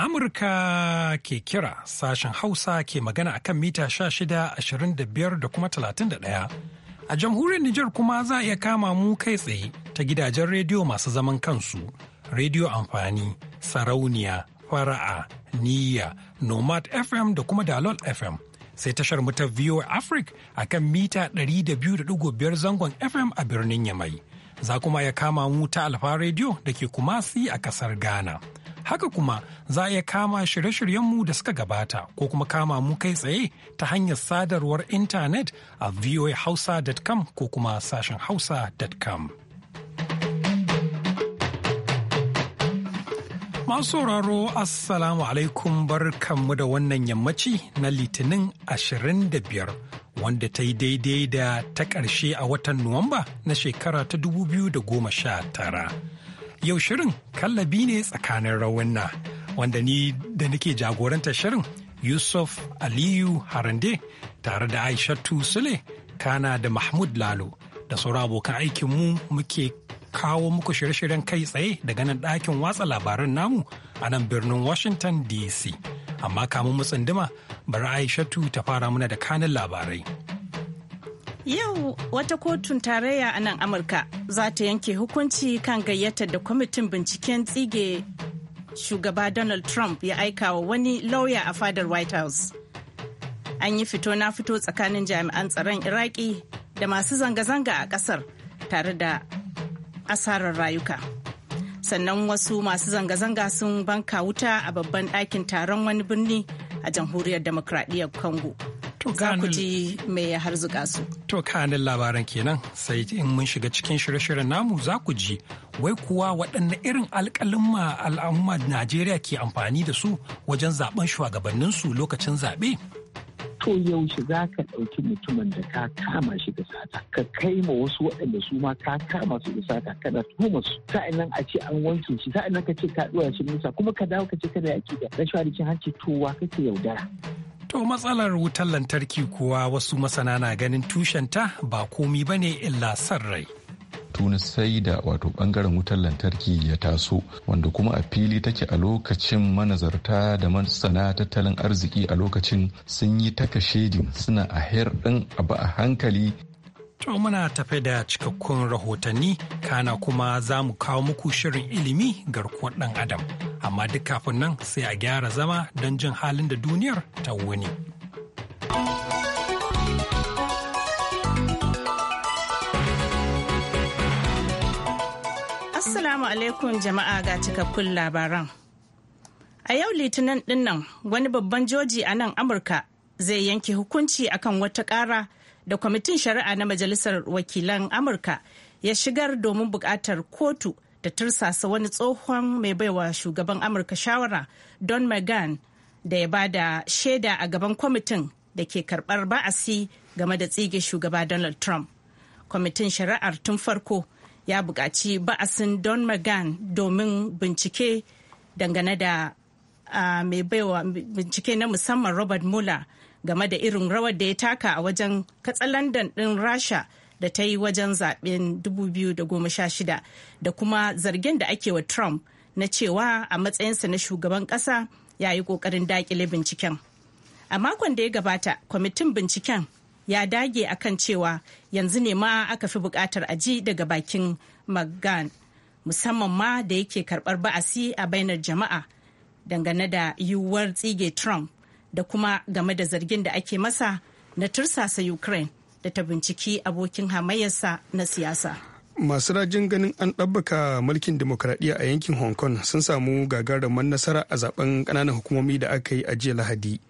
Amurka ke kira sashen Hausa ke magana akan mita shida, ashirin da kuma talatin da ɗaya. A jamhuriyar Nijar kuma za a iya kama mu kai tsaye ta gidajen rediyo masu zaman kansu, rediyo amfani, sarauniya, fara'a, niyya, nomad FM da kuma dalol FM. Sai tashar mu ta VOA Africa a kan mita 200.5 zangon FM a birnin Yamai. Za kuma ya kama mu ta Alfa rediyo da ke Kumasi a kasar Ghana. Haka kuma za a iya kama shirye-shiryenmu da suka gabata ko kuma kama mu kai tsaye ta hanyar sadarwar intanet a voahausa.com ko kuma sashen hausa.com. Masu sauraro Assalamu alaikum barkanmu da wannan yammaci na Litinin 25 wanda ta yi daidai da ta ƙarshe a watan Nuwamba na shekara ta 2019. Yau shirin kallabi ne tsakanin rawunna wanda ni da nake jagoranta shirin Yusuf Aliyu Harande tare da Aishatu Sule kana da Mahmud Lalo da sauran abokan aikinmu muke kawo muku shirye-shiryen kai tsaye daga nan ɗakin watsa labaran namu a nan birnin Washington DC. Amma kamun mu tsinduma bari Aishatu ta fara muna da kanin labarai. Yau wata kotun tarayya a nan Amurka za ta yanke hukunci kan gayyatar da kwamitin binciken tsige shugaba Donald Trump ya aika wa wani lauya a fadar White House. An yi fito na fito tsakanin jami'an tsaron Iraki da masu zanga-zanga a ƙasar tare da asarar rayuka. Sannan wasu masu zanga-zanga sun banka wuta a babban ɗakin taron wani birni a jamhuriyar demokradiyyar Congo. za ku harzuka su. To kanin labaran kenan sai in mun shiga cikin shirye-shiryen namu za ku ji wai kuwa waɗanne irin alƙalin al'umma Najeriya ke amfani da su wajen zaben su lokacin zaɓe. to yaushe za ka ɗauki mutumin da ka kama shi da sata ka kai ma wasu waɗanda su ma ka kama su da sata kana tuhuma su sa'in nan a ce an wanke shi sa'in nan ka ce ka ɗora shi nisa kuma ka dawo ka ce kada yaƙi da rashawa da cin hanci ka kake yaudara. To matsalar wutar lantarki kuwa wasu masana na ganin tushenta ba komi ba ne illa san rai. tuni sai da wato bangaren wutar lantarki ya taso wanda kuma a fili take a lokacin manazarta da masana tattalin arziki a lokacin sun yi taka suna a her din a hankali To muna tafe da cikakkun rahotanni kana kuma za mu kawo muku shirin ilimi garkuwar ɗan adam. Amma duk kafin nan sai a gyara zama don jin halin da duniyar ta wuni. Assalamu alaikum jama'a ga cikakkun labaran. A yau litinin dinnan wani babban joji a nan Amurka zai yanke hukunci akan wata ƙara. da kwamitin shari'a na majalisar wakilan amurka ya shigar domin buƙatar kotu da tursasa wani tsohon mai baiwa shugaban amurka shawara don magan da ya ba da shaida a gaban kwamitin da ke karbar ba'asi game da tsige shugaba donald trump kwamitin shari'ar tun farko ya buƙaci ba'asin don mcgahn domin bincike dangane da ah, mai baiwa bincike na musamman robert muller. game da irin rawar da ya taka a wajen katsalandan ɗin rasha da ta yi wajen zaben 2016 da kuma zargin da ake wa trump na cewa a matsayinsa na shugaban ƙasa ya yi ƙoƙarin daƙile binciken a makon da ya gabata kwamitin binciken ya dage a kan cewa yanzu ne ma aka fi buƙatar aji daga bakin mcgahn musamman ma da yake karɓar ba'asi a bainar jama'a dangane da yiwuwar tsige trump da kuma game da zargin da ake masa na tursasa ukraine da ta binciki abokin hamayyarsa na siyasa masu rajin ganin an ɗabbaka mulkin demokradiyya a yankin hong kong sun samu gagarumar nasara a zaben ƙananan hukumomi da aka yi a jiya lahadi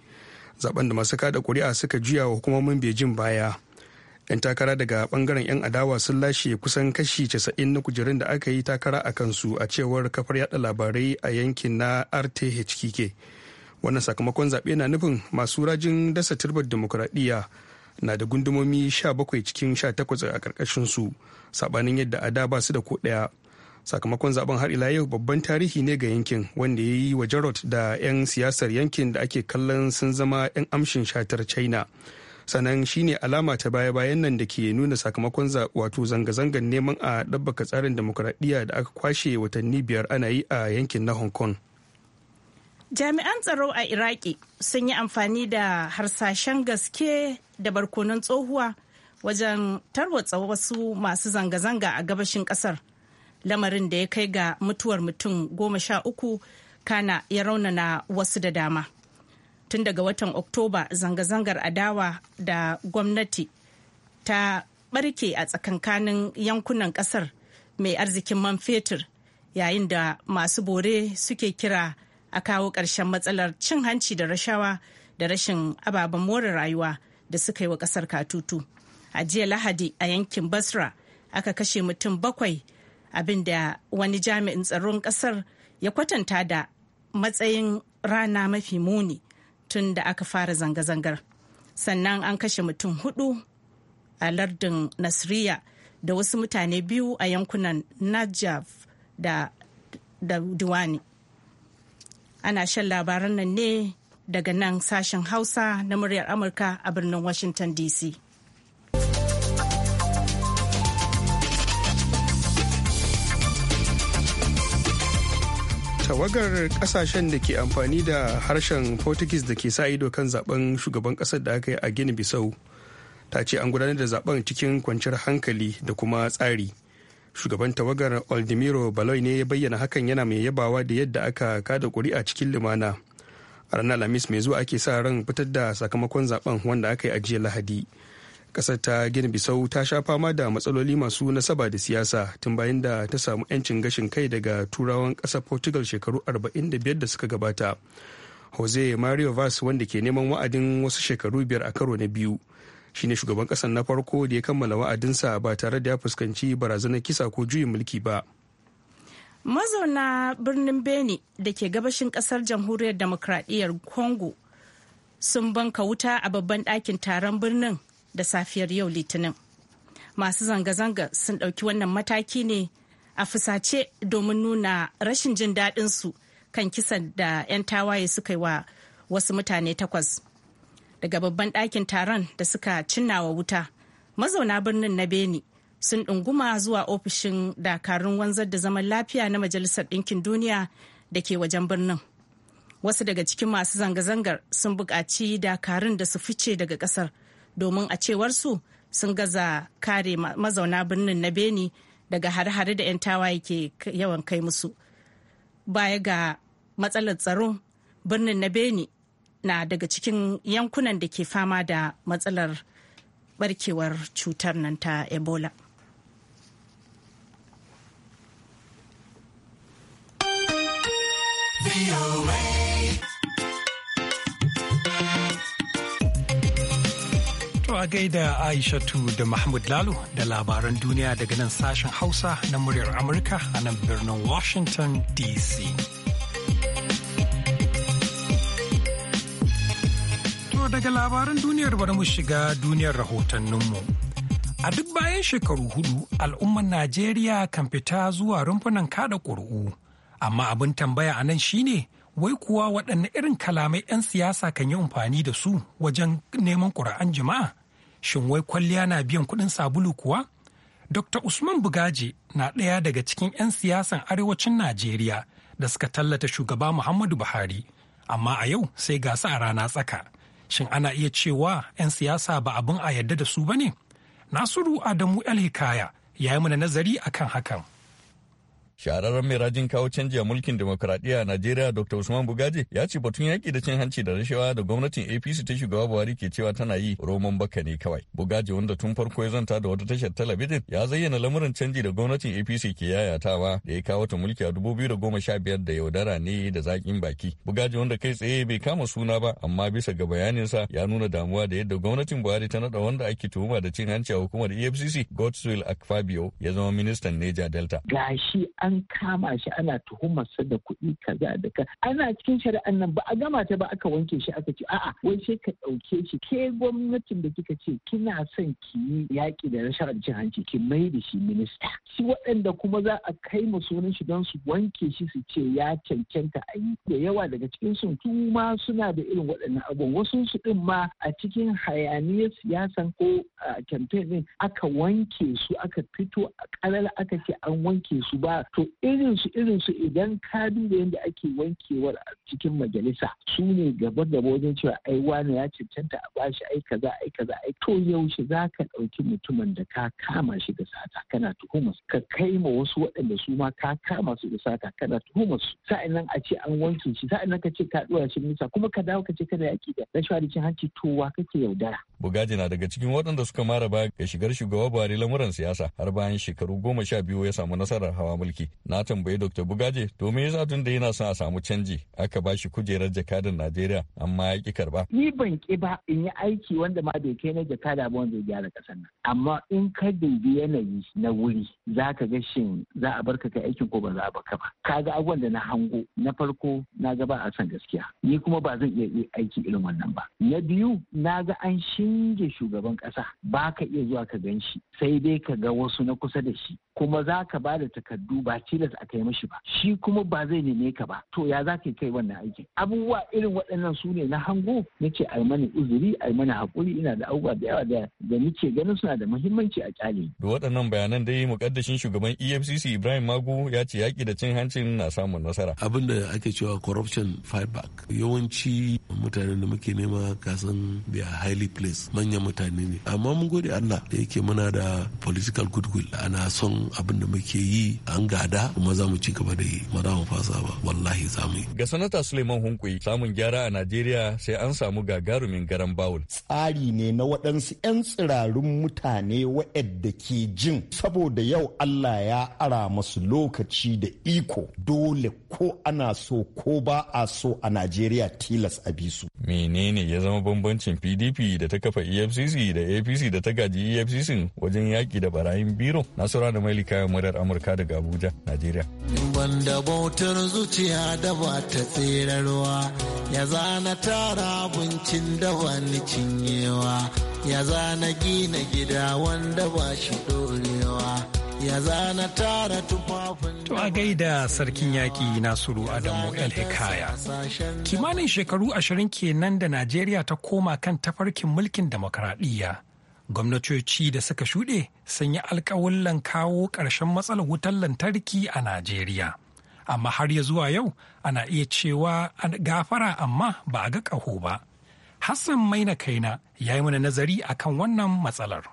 zaben da masu kada ƙuri'a suka juya wa hukumomin beijing baya 'yan takara daga bangaren 'yan adawa sun lashe kusan kashi 90 na kujerun da aka yi takara a kansu a cewar kafar yada labarai a yankin na rthk wannan sakamakon zaɓe na nufin masu rajin dasa turbar demokuraɗiyya na da gundumomi 17 cikin 18 a ƙarƙashin su saɓanin yadda a da ba su da ko ɗaya sakamakon zaben har ila yau babban tarihi ne ga yankin wanda ya yi wa jarot da 'yan siyasar yankin da ake kallon sun zama 'yan amshin shatar china sannan shine alama ta baya-bayan nan da ke nuna sakamakon wato zanga-zangar neman a ɗabbaka tsarin demokuraɗiyya da aka kwashe watanni biyar ana yi a yankin na hong kong Jami'an tsaro a Iraki sun yi amfani da harsashen gaske da barkonon tsohuwa wajen tarwatsa wasu masu zanga-zanga a gabashin kasar. Lamarin da ya kai ga mutuwar mutum goma sha uku kana ya raunana wasu da dama. Tun daga watan Oktoba zanga-zangar adawa da gwamnati ta barke a tsakankanin yankunan kasar mai arzikin man fetur yayin da masu bore suke kira a kawo ƙarshen matsalar cin hanci da rashawa da rashin ababen more rayuwa da suka yi wa ƙasar katutu a jiya lahadi a yankin basra aka kashe mutum bakwai abin da wani jami'in tsaron ƙasar ya kwatanta da matsayin rana mafi muni tun da aka fara zanga-zangar sannan an kashe mutum hudu a lardin nasriya da wasu mutane biyu a yankunan najaf da, da diwani ana shan labaran nan ne daga nan sashen hausa na muryar amurka a birnin washington dc tawagar kasashen da ke amfani da harshen portuguese da ke sa ido kan zaben shugaban kasar da aka yi a gini bisau ta ce an gudanar da zaben cikin kwanciyar hankali da kuma tsari shugaban tawagar oldemiro baloy ne ya bayyana hakan yana mai yabawa da yadda aka kada kuri'a cikin lumana a ranar lamis mai zuwa ake sa ran fitar da sakamakon zaben wanda aka yi ajiyar lahadi kasar ta gina bisau ta sha fama da matsaloli masu nasaba da siyasa tun bayan da ta samu 'yancin gashin kai daga turawan ƙasar portugal shekaru 45 da suka gabata jose mario vas wanda ke neman wa'adin wasu shekaru biyar a karo na biyu shine shugaban ƙasar na farko da ya kammala wa'adinsa ba tare da ya fuskanci barazanar kisa ko juyin mulki ba. mazauna birnin beni da ke gabashin kasar jamhuriyar demokradiyyar congo sun banka wuta a babban ɗakin taron birnin da safiyar yau litinin masu zanga-zanga sun ɗauki wannan mataki ne a fusace domin nuna rashin jin daɗinsu kan kisan da 'yan tawaye suka yi wa wasu mutane takwas daga babban ɗakin taron da suka cinna wa wuta mazauna birnin na beni sun ɗunguma zuwa ofishin dakarun wanzar da zaman lafiya na majalisar ɗinkin duniya da ke wajen birnin wasu daga cikin masu zanga-zangar sun buƙaci dakarun da su fice daga ƙasar domin a cewar su sun gaza kare mazauna birnin na beni daga hare-hare da 'yan tawaye ke yawan kai musu baya ga matsalar tsaro birnin na beni na daga cikin yankunan da ke fama da matsalar barkewar cutar nan ta ebola To a gaida Aishatu da Mahmud Lalo da labaran duniya daga nan sashen Hausa na muryar Amurka a nan birnin Washington DC. daga labaran duniyar bari mu shiga duniyar rahotanninmu. A duk bayan shekaru hudu al'ummar Najeriya kan fita zuwa rumfunan kada ƙuri'u. Amma abin tambaya a nan shine wai kuwa waɗanne irin kalamai 'yan siyasa kan yi amfani da su wajen neman ƙuri'an jima'a? Shin wai kwalliya na biyan kuɗin sabulu kuwa? Dr. Usman Bugaje na ɗaya daga cikin 'yan siyasan arewacin Najeriya da suka tallata shugaba Muhammadu Buhari, amma a yau sai gasa a rana tsaka. Shin ana iya cewa 'yan siyasa ba abin a yadda da su ba ne? Nasiru Adamu El Hikaya ya yi mana nazari akan hakan. shahararren mai rajin kawo canji a mulkin demokuraɗiyya a Najeriya Dr. Usman Bugaji ya ce batun yaƙi da cin hanci da rashawa da gwamnatin APC ta shugaba Buhari ke cewa tana yi roman baka ne kawai. Bugaji wanda tun farko ya zanta da wata tashar talabijin ya zayyana lamurin canji da gwamnatin APC ke yayatawa da ya kawo ta mulki a dubu biyu da goma sha biyar da yaudara ne da zaƙin baki. Bugaji wanda kai tsaye bai kama suna ba amma bisa ga bayaninsa ya nuna damuwa da yadda gwamnatin Buhari ta naɗa wanda ake tuhuma da cin hanci a hukumar EFCC Godswill Akfabio ya zama ministan Neja Delta. an kama shi ana tuhumarsa da kuɗi kaza da ka ana cikin shari'an nan ba a gama ta ba aka wanke shi aka ce a'a wai sai ka ɗauke shi ke gwamnatin da kika ce kina son ki yi yaƙi da rashin cin hanci ki mai da shi minista shi waɗanda kuma za a kai mu sunan shi don su wanke shi su ce ya cancanta a yi da yawa daga cikin su ma suna da irin waɗannan abubuwan wasu su ɗin ma a cikin hayaniyar siyasan ko a campaign ɗin aka wanke su aka fito a ƙarar aka ce an wanke su ba to irin su irin su idan ka duba yadda ake wankewar a cikin majalisa su ne gaba gaba wajen cewa ai wani ya cancanta a bashi ai kaza ai kaza ai to yaushe za ka ɗauki mutumin da ka kama shi da sata kana tuhumar ka kai ma wasu waɗanda su ma ka kama su da sata kana tuhumar su sa'in nan a ce an wanke shi sa'in nan ka ce ka ɗora shi nisa kuma ka dawo ka ce kana yaƙi da rashawa da cin hanci to wa kake yaudara Bugaji na daga cikin waɗanda suka mara ba ga shigar shugaba Buhari lamuran siyasa har bayan shekaru goma sha biyu ya samu nasarar hawa mulki. Na tambayi Dr. bugaji to me yasa tun da yana son a samu canji aka ba shi kujerar jakadan Najeriya amma ya ki karba. Ni ban ƙi ba in yi aiki wanda ma bai kai na jakada ba wanda ya gyara ƙasar nan. amma in ka dubi yanayi na wuri za ka ga shin za a barka ka aikin ko ba za a baka ba ka ga abubuwan da na hango na farko na ga ba a san gaskiya ni kuma ba zan iya aiki irin wannan ba na biyu na ga an shinge shugaban kasa ba ka iya zuwa ka gan shi sai dai ka ga wasu na kusa da shi kuma za ka ba da takardu ba tilas a kai mashi ba shi kuma ba zai neme ka ba to ya za ka kai wannan aikin abubuwa irin waɗannan su ne na hango na ce mani uzuri ai mani haƙuri ina da abubuwa da yawa da nake ganin suna da muhimmanci a kyale da waɗannan bayanan dai mukaddashin shugaban efcc ibrahim magu ya ce yaƙi da cin hancin na samun nasara abin da ake cewa corruption fight back yawanci mutanen da muke nema kasan they are highly placed manyan mutane ne amma mun gode allah da yake muna da political goodwill ana son abin da muke yi an gada kuma za mu ci gaba da yi ba mu fasa ba wallahi za mu yi. Ga sanata Suleiman Hunkuyi samun gyara a Najeriya sai an samu gagarumin garan bawul. Tsari ne na waɗansu 'yan tsirarun mutane waɗanda ke jin saboda yau Allah ya ara masu lokaci da iko dole ko ana so ko ba a so a Najeriya tilas a bisu. Menene ya zama bambancin PDP da ta kafa EFCC da APC da ta gaji EFCC wajen yaƙi da barayin biro? Nasura da Nasura kaya murar Amurka daga Abuja, Najeriya. Banda bautar zuciya da ba ta tserarwa, ya zana tara abincin da ba ni cinyewa, ya zana gina gida wanda ba shi dorewa. ya zana tara tufafin To a gaida sarkin yaƙi Nasiru Adamu El Hekaya. Kimanin shekaru ashirin kenan da Najeriya ta koma kan tafarkin mulkin demokradiyya. gwamnatoci da suka shuɗe sun yi alkawullan kawo ƙarshen matsalar wutar lantarki a najeriya amma har ya zuwa yau ana iya cewa an gafara amma ba a ga ƙaho ba hassan maina kaina ya yi mana nazari akan wannan matsalar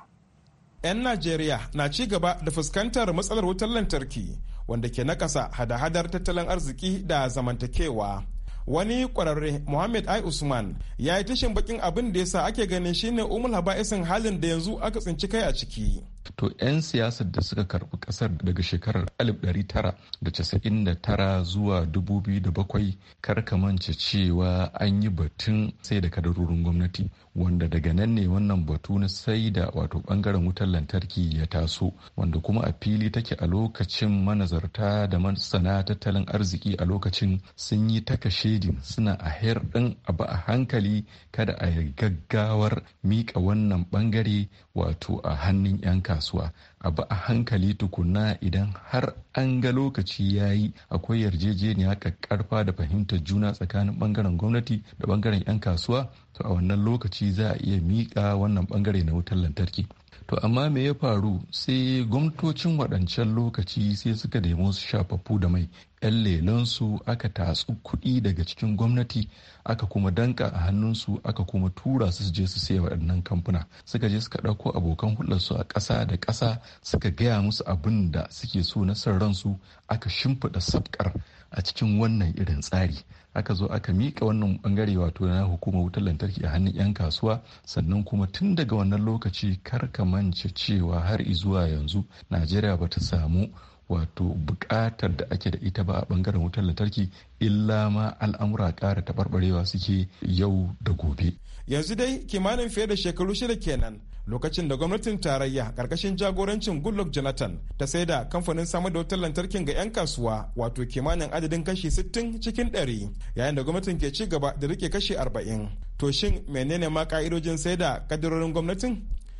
'yan najeriya na ci gaba da fuskantar matsalar wutar lantarki wanda ke nakasa hada-hadar tattalin arziki da zamantakewa wani kwararre Muhammad Ai Usman ya yi tashin bakin abin da yasa ake ganin shine umul haba'isin halin da yanzu aka tsinci kai a ciki. To 'yan siyasar da suka karbi kasar daga shekarar 1999 zuwa 2007 karkamance cewa an yi batun sai da kadarorin gwamnati wanda daga nan ne wannan batu na sai da wato bangaren wutar lantarki ya taso wanda kuma a fili take a lokacin manazarta da masana tattalin arziki a lokacin sun yi taka shedin suna a her din ba a hankali kada a gaggawar mika wannan bangare wato a hannun 'yan kasuwa A ba a hankali tukuna idan har an ga lokaci ya yi akwai yarjejeniya karfa da fahimtar juna tsakanin bangaren gwamnati da bangaren 'yan kasuwa to a wannan lokaci za a iya miƙa wannan bangare na wutar lantarki to amma me ya faru sai gwamnatocin waɗancan lokaci sai suka nemo su shafaffu da mai yan lelansu aka tatsu kuɗi daga cikin gwamnati aka kuma danka a hannunsu aka kuma tura su je su sai waɗannan kamfuna suka je suka ɗauko abokan hulɗarsu a ƙasa da ƙasa suka gaya musu abin da suke so na son ransu aka shimfiɗa sabkar a cikin wannan irin tsari aka zo aka miƙa wannan bangare wato na hukumar wutar lantarki a hannun 'yan kasuwa sannan kuma tun daga wannan lokaci kar ka mance cewa har zuwa yanzu najeriya ba ta samu wato buƙatar da ake da ita ba a bangaren wutar lantarki illa ma al'amura ƙara taɓarɓarewa suke yau da gobe. Yanzu dai kimanin fiye da shekaru shida kenan lokacin da gwamnatin tarayya karkashin jagorancin Goodluck Jonathan ta sai da kamfanin samar da wutar lantarkin ga 'yan kasuwa wato kimanin adadin kashi 60 cikin 100 yayin da gwamnatin ke ci gaba da rike kashi 40. To shin menene ma ka'idojin sai da kadirorin gwamnatin?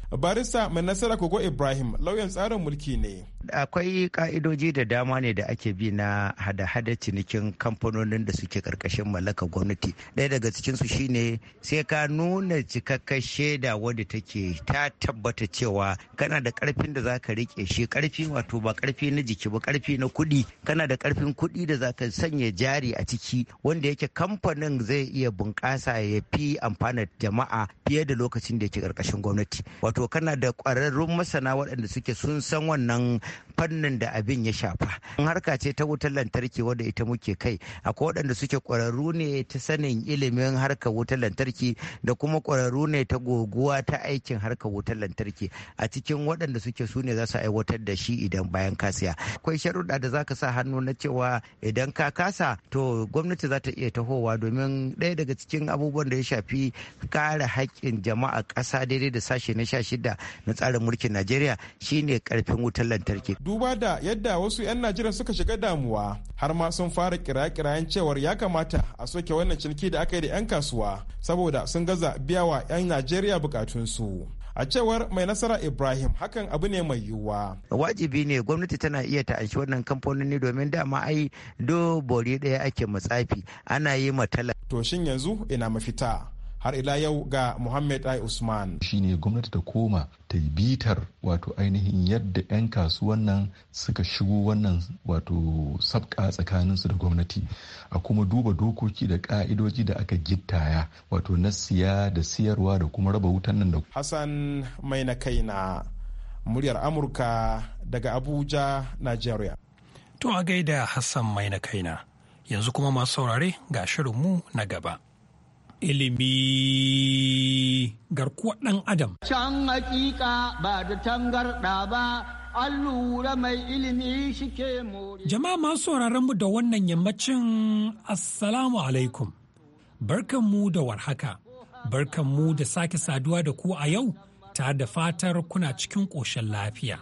Barista mai nasara Kogo Ibrahim lauyan tsarin mulki ne. akwai ka'idoji da dama ne da ake bi na hada-hada cinikin kamfanonin da suke karkashin mallaka gwamnati ɗaya daga cikinsu shine sai ka nuna cikakkar shaida wadda take ta tabbata cewa kana da karfin da zaka rike shi karfi wato ba karfi na jiki ba karfi na kuɗi kana da karfin kuɗi da zaka sanya jari a ciki wanda yake kamfanin zai iya bunƙasa ya fi amfana jama'a fiye da lokacin da yake karkashin gwamnati wato kana da ƙwararrun masana waɗanda suke sun san wannan fannin da abin ya shafa harka ce ta wutar lantarki wadda ita muke kai akwai waɗanda suke ƙwararru ne ta sanin ilimin harkar wutar lantarki da kuma ƙwararru ne ta goguwa ta aikin harkar wutar lantarki a cikin waɗanda suke su ne za su aiwatar da shi idan bayan kasiya akwai sharuɗa da za ka sa hannu na cewa idan ka kasa to gwamnati za ta iya tahowa domin ɗaya daga cikin abubuwan da ya shafi kare haƙƙin jama'a ƙasa daidai da sashe na sha shida na tsarin mulkin najeriya shine ƙarfin wutar lantarki sarki duba da yadda wasu 'yan najeriya suka shiga damuwa har ma sun fara kira-kirayen cewar ya kamata a soke wannan ciniki da aka yi da 'yan kasuwa saboda sun gaza biya wa 'yan najeriya bukatunsu a cewar mai nasara ibrahim hakan abu ne mai yiwuwa wajibi ne gwamnati tana iya ta'anshi wannan kamfanoni domin dama ai do bori ɗaya ake matsafi ana yi matala to shin yanzu ina mafita har ila yau ga Muhammad Ai Usman. Shine gwamnati ta koma ta bitar wato ainihin yadda 'yan kasuwan nan suka shigo wannan wato sabka tsakaninsu da gwamnati a kuma duba dokoki da ka'idoji da aka gittaya wato na siya da siyarwa da kuma raba wutan nan da. Hassan mai na kaina muryar Amurka daga Abuja, Nigeria. To a gaida Hassan mai na kaina yanzu kuma masu saurare ga shirinmu na gaba. ilimi garkuwar ɗan adam. Can hakika ba da tangarɗa ba, an lura mai ilimi shi ke more. Jama'a masu mu da wannan yammacin Assalamu alaikum. Barkanmu da warhaka, barkanmu da sake saduwa da ku a yau, ta da fatar kuna cikin ƙoshin lafiya.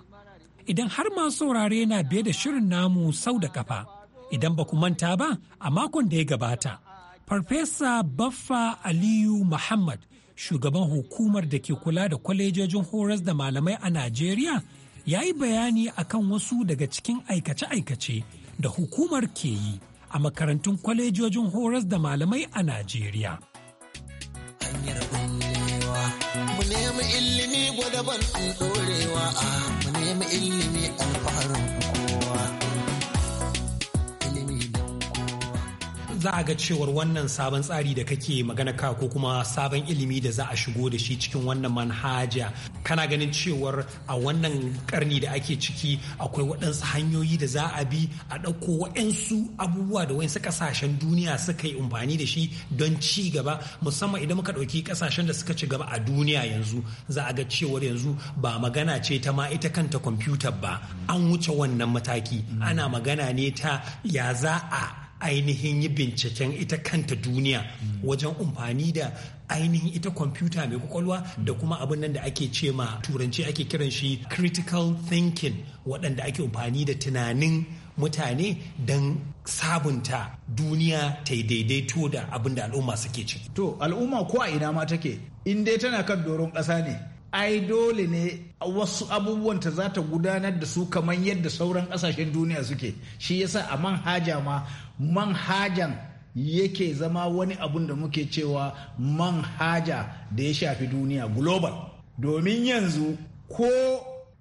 Idan har masu saurare na biye da shirin namu sau da kafa, idan ba ku manta ba a makon da ya gabata. Farfesa Baffa Aliyu Muhammad, shugaban hukumar da ke kula da kwalejojin horas da malamai a Najeriya, ya yi bayani akan wasu daga cikin aikace-aikace da hukumar ke yi a makarantun kwalejojin horas da malamai a Najeriya. Hanyar ilimi mu za a ga cewar wannan sabon tsari da kake magana ka ko kuma sabon ilimi da za a shigo da shi cikin wannan manhaja kana ganin cewar a wannan karni da ake ciki akwai waɗansu hanyoyi da za a bi a ɗauko waɗansu abubuwa da waɗansu ƙasashen duniya suka yi amfani da shi don ci gaba musamman idan muka ɗauki ƙasashen da suka ci gaba a duniya yanzu za a ga cewar yanzu ba magana ce ta ma ita kanta kwamfutar ba an wuce wannan mataki ana magana ne ta ya za a ainihin yi binciken ita kanta duniya wajen amfani da ainihin ita kwamfuta mai kwakwalwa da kuma abin nan da ake ce ma turanci ake kiran shi critical thinking waɗanda ake amfani da tunanin mutane don sabunta duniya ta daidaito da abin da al'umma suke ciki. To al'umma ko a ina ma take in dai tana kan doron ƙasa ne ai dole ne wasu abubuwan ta za ta gudanar da su kamar yadda sauran kasashen duniya suke shi yasa a manhaja ma manhajan yake zama wani abun da muke cewa manhaja da ya shafi duniya global domin yanzu ko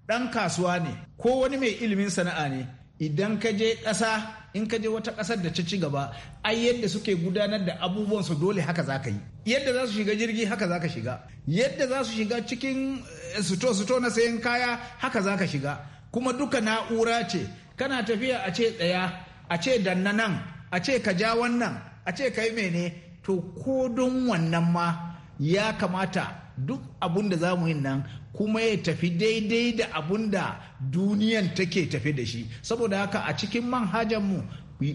ɗan kasuwa ne ko wani mai ilimin sana'a ne idan ka je ƙasa in ka je wata ƙasar da ta ci gaba ai yadda suke gudanar da abubuwan su dole haka za ka yi yadda za su shiga jirgi haka za ka shiga yadda za su shiga cikin eh, suto suto na sayan kaya haka za ka shiga kuma duka na'ura ce kana tafiya a ce tsaya a ce danna nan a ce ka ja wannan a ce ka yi mene to ko don wannan ma ya kamata duk abun da za mu yi nan kuma ya tafi daidai da abun da duniyan take tafi da shi saboda haka a cikin mu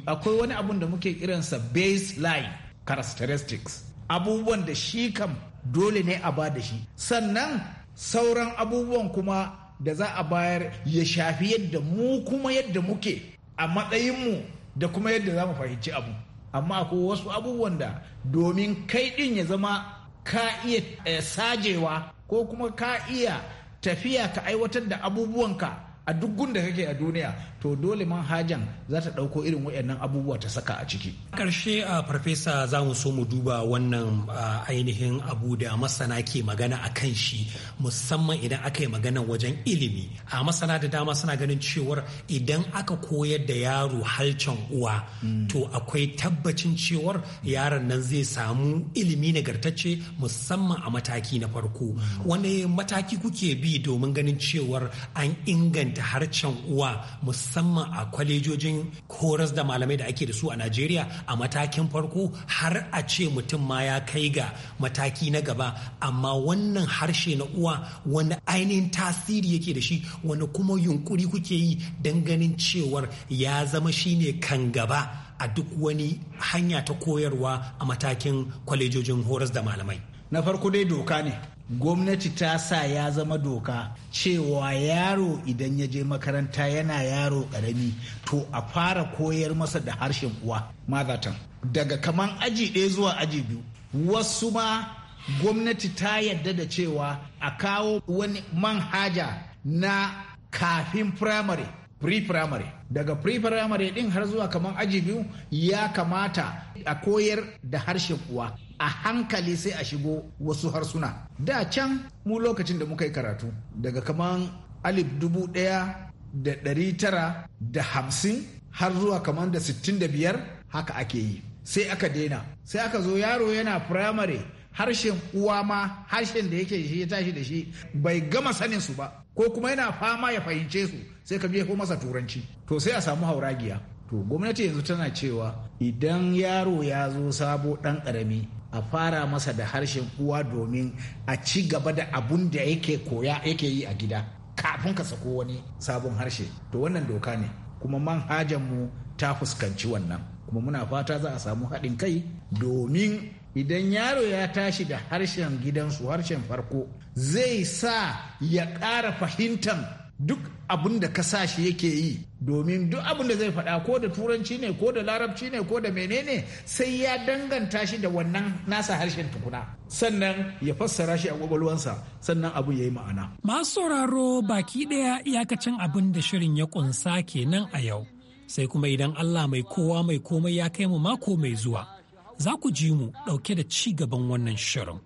akwai wani abun da muke kiransa baseline characteristics abubuwan da shi kam dole ne a ba da shi sannan sauran abubuwan kuma da za a bayar ya shafi yadda mu kuma yadda muke a matsayinmu da kuma yadda za mu fahimci abu amma akwai wasu abubuwan da domin kai din ya zama ka iya eh, sajewa ko kuma ka iya tafiya ka aiwatar da abubuwanka a duk gunda kake a duniya to dole manhajan za ta ɗauko irin waɗannan abubuwa ta saka a ciki. Karshe a farfesa za mu so mu duba wannan ainihin abu da masana ke magana a kan shi musamman idan aka yi magana wajen ilimi. A masana da dama suna ganin cewar idan aka koyar da yaro halcan uwa hmm. to akwai tabbacin cewar yaron nan zai samu ilimi nagartacce musamman a mataki na farko. Hmm. Wani mataki kuke bi domin ganin cewar an inganta harcen uwa musamman a kwalejojin horas da malamai da ake da su a Najeriya a matakin farko har a ce mutum ma ya kai ga mataki na gaba amma wannan harshe na uwa wani ainihin tasiri yake da shi wani kuma yunkuri kuke yi don ganin cewar ya zama shi ne kan gaba a duk wani hanya ta koyarwa a matakin kwalejojin horas da malamai. Na farko dai doka ne gwamnati ta sa ya zama doka cewa yaro idan ya je makaranta yana yaro karami to a fara koyar masa da harshen uwa mazatan daga kaman aji ɗaya zuwa aji biyu wasu ma gwamnati ta yadda da cewa a kawo wani manhaja na kafin firamare pre-primary daga pre-primary din har zuwa kamar aji biyu ya kamata a koyar da harshen uwa a hankali sai a shigo wasu harsuna da can mu lokacin da muka yi karatu daga kamar alif dubu daya da dari tara da hamsin har zuwa kamar da sittin da biyar haka ake yi sai aka daina sai aka zo yaro yana primary harshen uwa ma harshen da yake shi ya tashi da shi bai gama sanin su ba ko kuma yana fama ya fahimce su sai ka ko masa turanci to sai a samu hauragiya to gwamnati yanzu tana cewa idan yaro ya zo sabo dan karami a fara masa da harshen uwa domin a ci gaba da abun da yake koya yake yi a gida kafin ka sako wani sabon harshe to wannan doka ne kuma manhajanmu mu ta fuskanci wannan kuma muna fata za a samu haɗin kai domin idan yaro ya tashi da harshen gidansu harshen farko zai sa ya ƙara fahimtan duk abin da ka sa shi yake yi domin duk abin da zai faɗa ko da turanci ne ko da larabci ne ko da menene sai ya danganta shi da wannan nasa harshen tukuna sannan ya fassara shi a kwakwalwansa sannan abu ya yi ma'ana. masu sauraro baki ɗaya iyakacin abin da shirin ya ƙunsa kenan a yau sai kuma idan allah mai kowa mai komai ya kai mu mako mai zuwa. za ku ji mu ɗauke da ci gaban wannan shirin.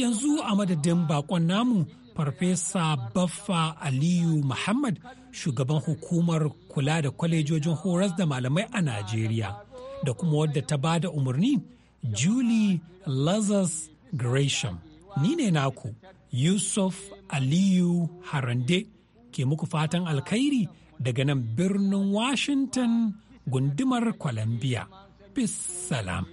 Yanzu a madadin bakon namu Farfesa Baffa Aliyu Muhammad shugaban hukumar kula da kwalejojin horas da malamai a Najeriya da kuma wadda ta ba da umarni Julie Lazarus Gresham. Ni ne naku Yusuf Aliyu Harande ke muku fatan alkhairi daga nan birnin Washington gundumar Columbia. Bis salam.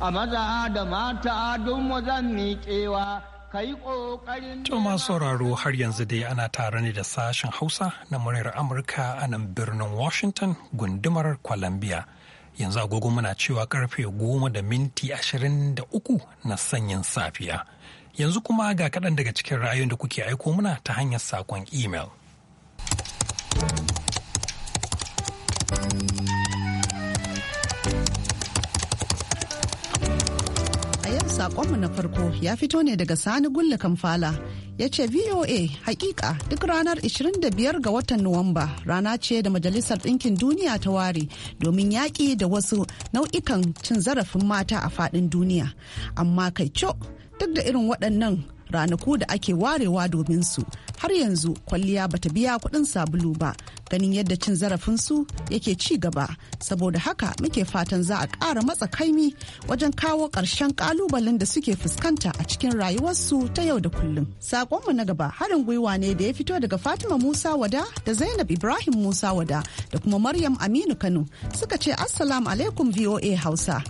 a maza da mata don wazan miƙewa kai ƙoƙarin to masu sauraro har yanzu dai ana tare ne da sashen hausa na muryar amurka a nan birnin washington gundumar columbia yanzu agogo muna cewa karfe goma da minti ashirin da uku na sanyin safiya yanzu kuma ga kaɗan daga cikin ra'ayoyin da kuke aiko muna ta hanyar saƙon imel. Sakonmu na farko ya fito ne daga Sani Gulle Kamfala ya ce VOA hakika duk ranar 25 ga watan Nuwamba rana ce da Majalisar Ɗinkin Duniya ta ware domin yaƙi da wasu nau'ikan cin zarafin mata a faɗin duniya. Amma kai duk da irin waɗannan ranaku da ake warewa domin su har yanzu kwalliya bata biya kuɗin sabulu ba ganin yadda cin zarafin su yake ci gaba saboda haka muke fatan za a ƙara matsa kaimi wajen kawo ƙarshen ƙalubalen da suke fuskanta a cikin rayuwarsu ta yau da kullum saƙonmu na gaba harin gwiwa ne da ya fito daga fatima musa wada da zainab ibrahim musa wada da kuma maryam aminu kano suka ce assalamu alaikum voa hausa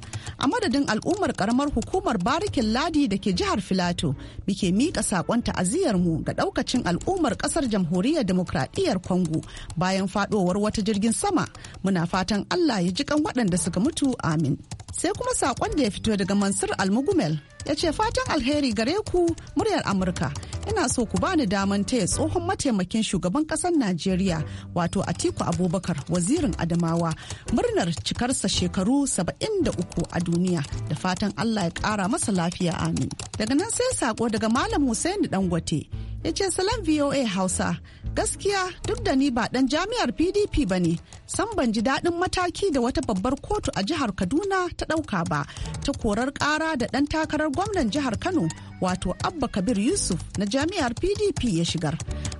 a madadin al'ummar karamar hukumar barikin ladi da ke jihar filato muke miƙa saƙon ta'aziyarmu ga ɗaukacin al'ummar ƙasar jamhuriyar demokradiyyar Kongo. bayan faɗowar wata jirgin sama muna fatan allah ya jikan waɗanda suka mutu amin sai kuma saƙon da ya fito daga mansur almugumel ya ce fatan alheri gare ku muryar amurka ina so ku bani daman taya tsohon mataimakin shugaban kasar najeriya wato atiku abubakar wazirin adamawa murnar cikarsa shekaru 73 a duniya da fatan allah ya kara masa lafiya amin daga nan sai sako daga malam hussein dangote ya ce salam voa hausa gaskiya duk da ni ba dan jami'ar pdp ba ne san ban ji daɗin mataki da wata babbar kotu a jihar kaduna ta ɗauka ba ta korar ƙara da ɗan takarar gwamnan jihar kano wato abba kabir yusuf na jami'ar pdp ya shigar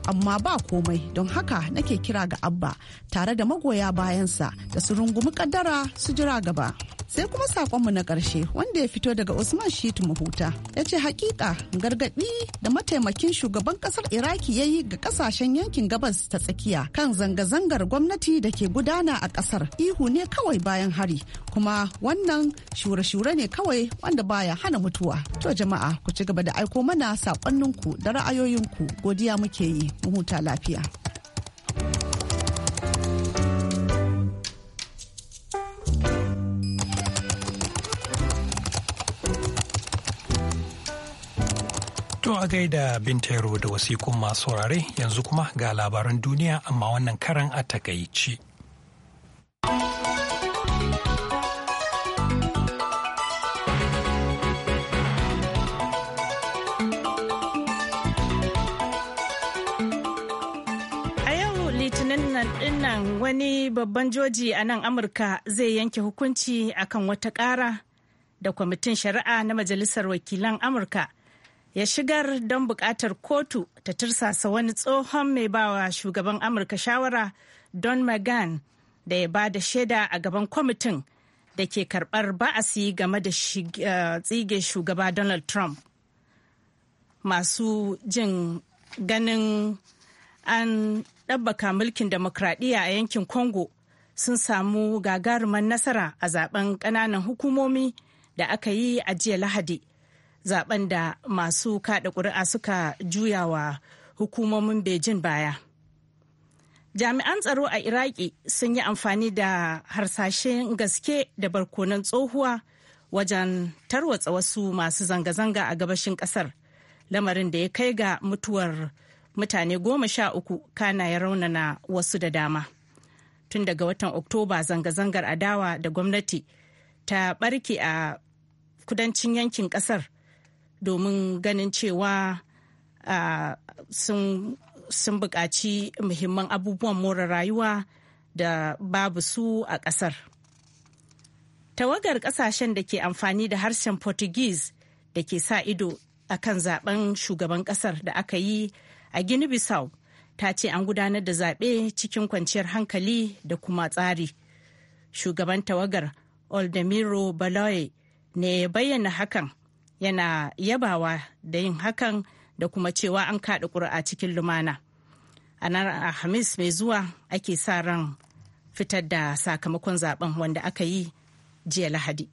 amma ba komai don haka nake kira ga abba tare da magoya bayansa da su rungumi kaddara su jira gaba sai kuma sakonmu na ƙarshe wanda ya fito daga usman shitu mahuta ya ce haƙiƙa gargaɗi da mataimakin shugaban ƙasar iraki ya yi ga ƙasashen yankin gabas ta tsakiya kan zanga-zangar gwamnati da ke gudana a ƙasar ihu ne kawai bayan hari kuma wannan shure-shure ne kawai wanda baya hana mutuwa to jama'a ku ci gaba da aiko mana saƙonninku da ra'ayoyinku godiya muke yi mu lafiya. To a gaida yaro da wasikun masu saurare yanzu kuma ga labaran duniya amma wannan karan a takaici. wani babban joji a nan amurka zai yanke hukunci akan wata ƙara da kwamitin shari'a na majalisar wakilan amurka ya shigar don buƙatar kotu ta tursasa wani tsohon mai bawa shugaban amurka shawara don magan da ya ba da shaida a gaban kwamitin da ke karɓar ba'asi game da eh, tsige shugaba donald trump masu jin ganin an ɗabbaka mulkin demokradiyya a yankin Congo sun samu gagarumar nasara a zaben ƙananan hukumomi da aka yi a jiya Lahadi. Zaben da masu kaɗa ƙuri'a suka juya wa hukumomin Beijing baya. Jami'an tsaro a Iraki sun yi amfani da harsashen gaske da barkonan tsohuwa wajen tarwatsa wasu masu zanga-zanga a gabashin ƙasar, lamarin da ya kai ga mutuwar. mutane goma sha uku kana ya raunana wasu da dama tun daga watan oktoba zanga-zangar adawa da gwamnati ta barke a kudancin yankin kasar domin ganin cewa sun buƙaci muhimman abubuwan more rayuwa da babu su a ƙasar tawagar ƙasashen da ke amfani da harshen portuguese da ke sa ido a kan zaben shugaban ƙasar da aka yi a Guinea Bissau ta ce an gudanar da zaɓe cikin kwanciyar hankali da kuma tsari. Shugaban tawagar Oldemiro Baloye ne ya bayyana hakan yana yabawa da yin hakan da kuma cewa an kaɗa ƙuri'a cikin lumana. A nan Alhamis mai zuwa ake sa ran fitar da sakamakon zaben wanda aka yi jiya Lahadi.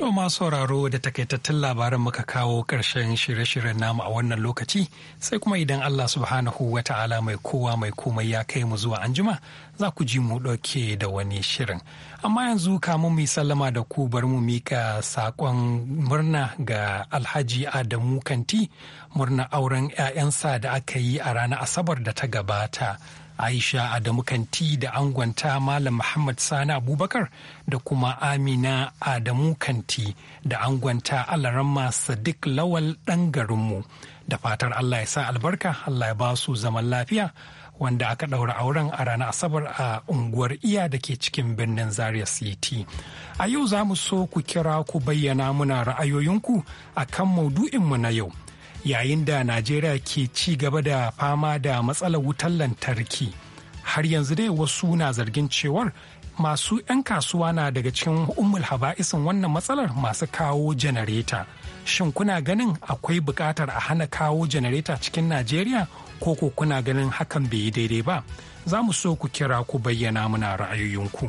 To ma sauraro da takaitattun labaran muka kawo ƙarshen shirye-shiryen namu a wannan lokaci sai kuma idan Allah subhanahu wa ta'ala mai kowa mai komai ya kai mu zuwa anjima za ku ji mu ɗauke da wani shirin. Amma yanzu kamun mu sallama da ku bar mu mika saƙon murna ga Alhaji Adamu Kanti murna auren 'ya'yansa da aka yi a ranar Asabar da ta gabata. aisha adamu kanti da angonta malam muhammad sani abubakar da kuma amina adamu kanti da angonta Alarama sadiq lawal ɗan garinmu da fatar allah ya sa albarka allah ya ba su zaman lafiya wanda aka ɗaura auren a ranar asabar a unguwar iya da ke cikin birnin zaria city a yau za mu so ku kira ku bayyana muna ra'ayoyinku a kan maudu'inmu na yau yayin da najeriya ke ci gaba da fama da matsalar wutar lantarki har yanzu dai wasu na zargin cewar masu 'yan kasuwa na daga cikin umul haba'isin wannan matsalar masu kawo janareta shin kuna ganin akwai buƙatar a hana kawo janareta cikin najeriya ko ko kuna ganin hakan bai yi daidai ba za mu so ku kira ku bayyana muna ra'ayoyinku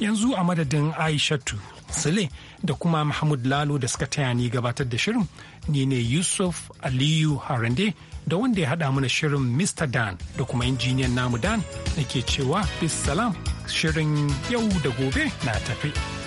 yanzu a madadin aishatu sule da kuma Mahmud Lalo da suka taya ni gabatar da shirin ni ne Yusuf Aliyu Harande da wanda ya haɗa mana shirin Mr. Dan da kuma injiniyan namu Dan da ke cewa bis salam shirin yau da gobe na tafi.